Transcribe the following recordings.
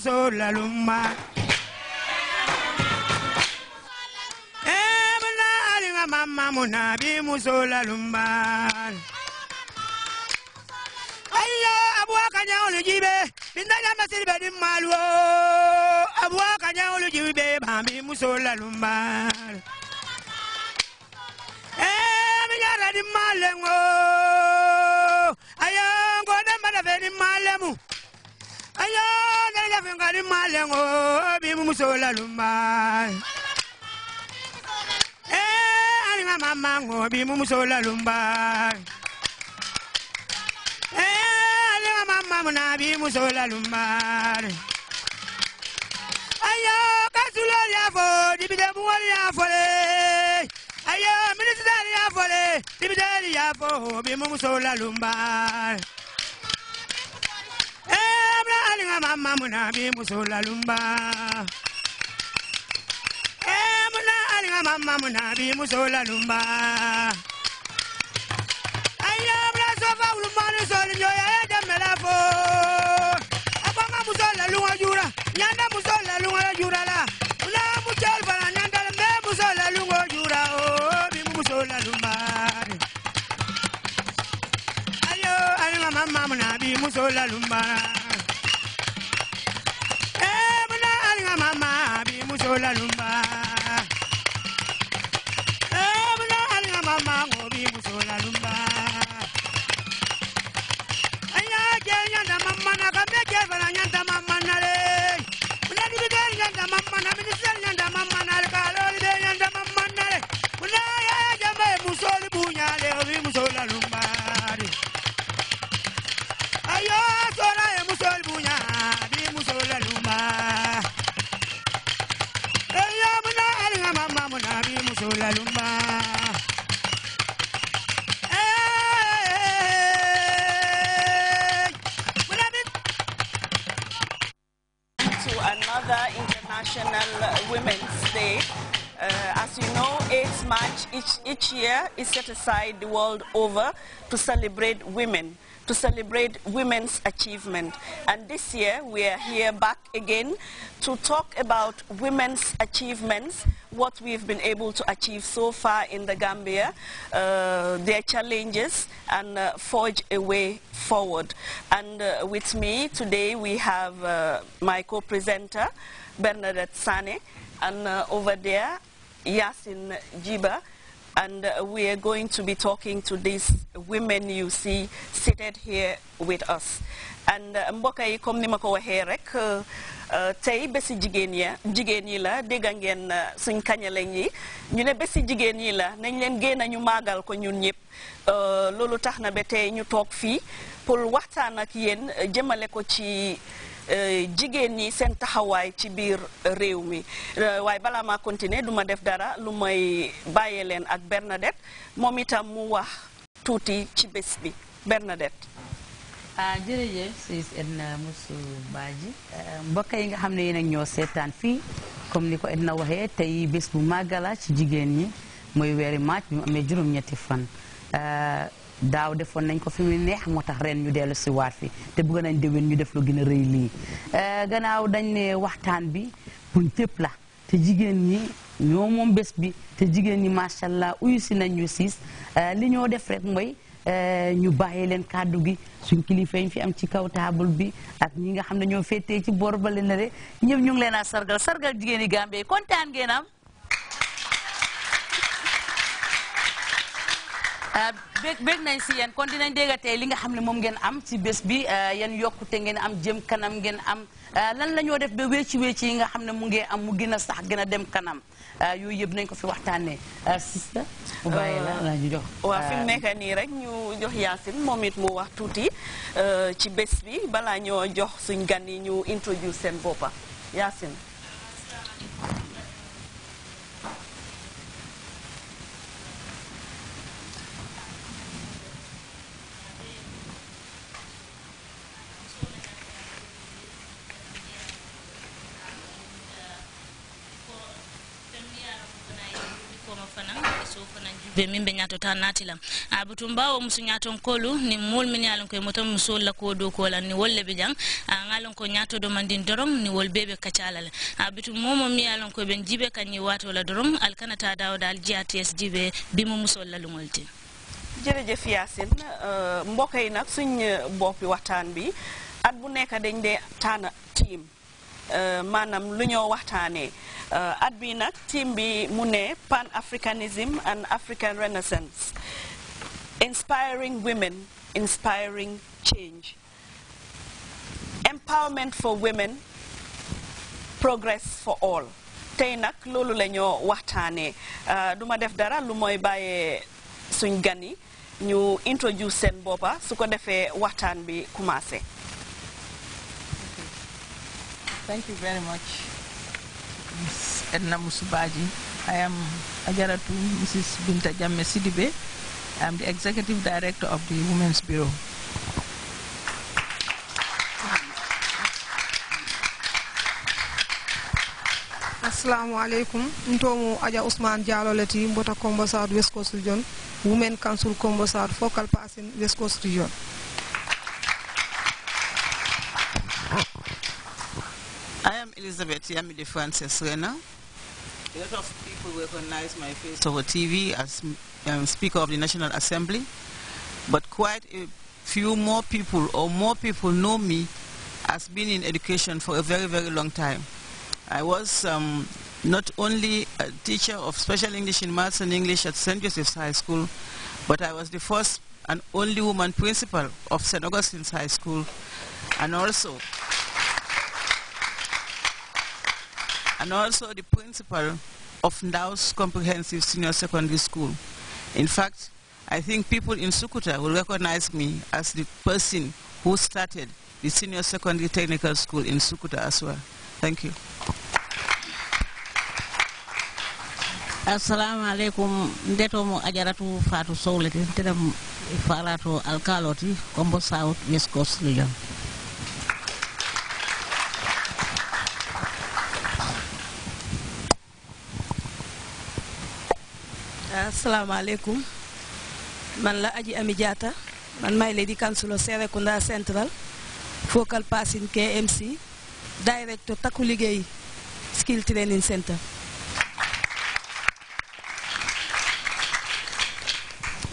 muso laluma emna eh, alinga mama munabi muso Ayo ayyo abuwakanya olujibe bindanya masiri bedi maluo abuwakanya olujibe bambi muso lalumba eminyara eh, di malengo ayo di malemu ayo daraja fengani malengo bimu muso lalumba eh aninga mamango bimu muso lalumba eh aninga mamamu na bimu muso lalumba ayo kasulori afo dibide buwali afole ayo minisitari afole dibide afo bimu muso lalumba nga mama munabi musula lumba eh muna ali nga mama munabi musula lumba ayya bla sofa ulumani soli nyoya ya demelafo abanga musula lunga jura nyanda musula lunga jura la una muchel bana nyanda me musula lunga jura oh bi musula lumba ayyo ali nga mama munabi musula lumba la luz March each, each year is set aside the world over to celebrate women, to celebrate women's achievement. And this year we are here back again to talk about women's achievements, what we've been able to achieve so far in the Gambia, uh, their challenges, and uh, forge a way forward. And uh, with me today we have uh, my co-presenter, Bernadette Sane, and uh, over there Yasin Jiba and uh, we are going to be talking to these women you see seated here with us and uh, mbokk yi comme ni ma ko waxee rek uh, uh, tey bési jigéen ya jigéen yi la dégg ngeen suñ kañaleñ yi ñu ne bési jigéen yi la nañ leen génn ñu maagal ko ñun ñëpp loolu tax na ba tey ñu toog fii pour waxtaan ak yéen jëmale ko ci Eh, jigéen ñi seen taxawaay ci biir réew mi eh, waaye bala maa continuer du def dara lu may bàyyee leen ak Bernadette moom itam mu wax tuuti ci bés bi Bernadette. ah jërëjëf Ciss Edna Musu Badji eh, yi nga xam ne yéen ñoo seetaan fii comme ni ko Edna waxee tey bés bu màggala ci jigéen ñi mooy weeri maaj bi mu amee juróom-ñetti fan. daaw defoon nañ ko fi mu neex moo tax reen ñu dellu si waat fi te bëgg nañ déwén ñu def lu gën a rëy lii eh, gannaaw dañ ne waxtaan bi buñ fépp la te jigéen ñi ñoo moom bés bi te jigéen ñi macha allah uyu si nañ ñu siis eh, li ñoo def rek mooy eh, ñu bàyyi leen kàddu gi suñ kilifa yi fi am ci kaw taabul bi ak ñi nga xam ne ñoo féetee ci boor ba leen la de ñëpp ñu ngi leen a sargal sargal jigéen yi Gambie kontaan taan am. Ah, bég bég nañ si yéen kon dinañ tey li nga xam ne moom ngeen am si bés bi euh, yan yokkute ngeen am jëm kanam ngeen am euh, lan lañoo def ba wéeci wéeci yi nga xam ne mu ngi am mu gën a sax gën a dem kanam euh, yooyu yëpp nañ ko fi waxtaanee sista mu bàyyi la la ñu jox waaw fi mu nii rek ñu jox Yaasin moom it mu wax tuuti ci bés bi balaa ñoo jox suñ gan yi ñu introduce seen boppa Yaasin be min be ñato ta natilam abutum bawo musu ñaton kolu ni mol min yalon koy e motom muso la ko do ko lan ni wolle be jang a ngalon ko ñato do mandin dorom ni wol bebe kacalal abutum momo mi yalon koy e ben jibe kanyi wato la dorom alkana ta dawo dal GATS jibe bi mu muso la lungolti jërëjëf Yacine eh, mbokk yi nag suñ bopi watan bi at bu nekk dañ de tana team Euh, maanaam lu ñoo waxtaanee euh, at bi nag tiim bi mu ne pan africanism and african renaissance inspiring women inspiring change empowerment for women progress for all tey nag loolu la ñoo waxtaanee euh, du ma def dara lu mooy bàyyee suñ gani yi ñu introduce seen boppa su ko defee waxtaan bi commencé Thank you very much, Ms. Edna Musubaji. I am Ajaratu Mrs. Binta Jamme Sidibe. I am the Executive Director of the Women's Bureau. assalamu aleykum ɗum aja Usman Diallo, leti mbota combo south west coast region women council combo south focal pasin west coast region Elizabeth Yamide Francis Rena. A lot of people recognize my face over TV as um, Speaker of the National Assembly, but quite a few more people or more people know me as being in education for a very, very long time. I was um, not only a teacher of special English in maths and English at St. Joseph's High School, but I was the first and only woman principal of St. Augustine's High School and also and also the principal of Naus Comprehensive Senior Secondary School. In fact, I think people in Sukuta will recognize me as the person who started the Senior Secondary Technical School in Sukuta as well. Thank you. assalamu ajaratu alkaloti south west coast assalamu alaikum man la Aji Ami Diatta man maay Lady Councilor Serekunda Central focal passing KMC director takku liggéey skill training center.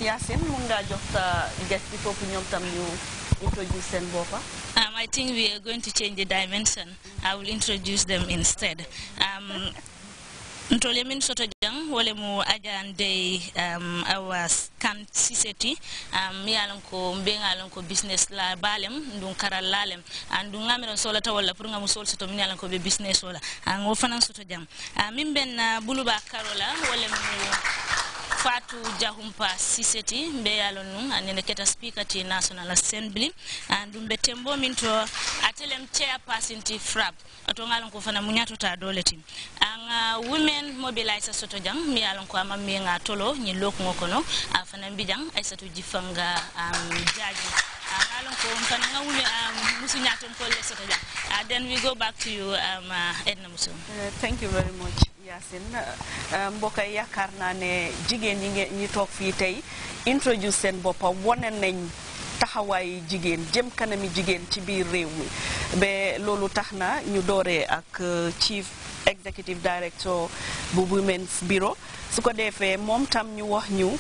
Yacine mun ngaa jox sa guest bi foofu ñoom tam ñu introduce seen boppa. Um, I think we are going to change the dimension. I will introduce them instead. Um, wole mu ajande um, awa kan siseti um, yalan ko mbengalan ko business la balem ndun karal lalem andu ah, ngamero ngamiran sola tawalla pour ngamu sol soto min yalan ko be business wala an ah, wo fanan soto jam uh, min ben uh, buluba karola wole mu fatu jahumpa siseti mbe yalo nun anene keta speaker ti national assembly andum mbe tembo min to atelem chairperson ti frap atongalon ngalon ko fana munyato ta doleti um, nga euh, women mobilize soto jang mi yalan ko amma mi nga tolo ni ay sato jifanga am jaaji ngalan ko fana uh, um, uh, uh, um, yaakaar naa ne jigéen ñi ngeen ñi toog fii tey introduce seen boppa wone nañ taxawaayu jigéen jëm kanami jigéen ci biir réew mi loolu tax na ñu doore ak chief executive director bu Women's Bureau su ko defee moom tam ñu wax ñu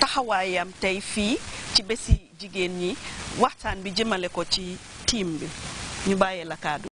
taxawaayam tey fii ci bési jigéen ñi waxtaan bi jëmale ko ci tiim bi ñu bàyyee la kàddu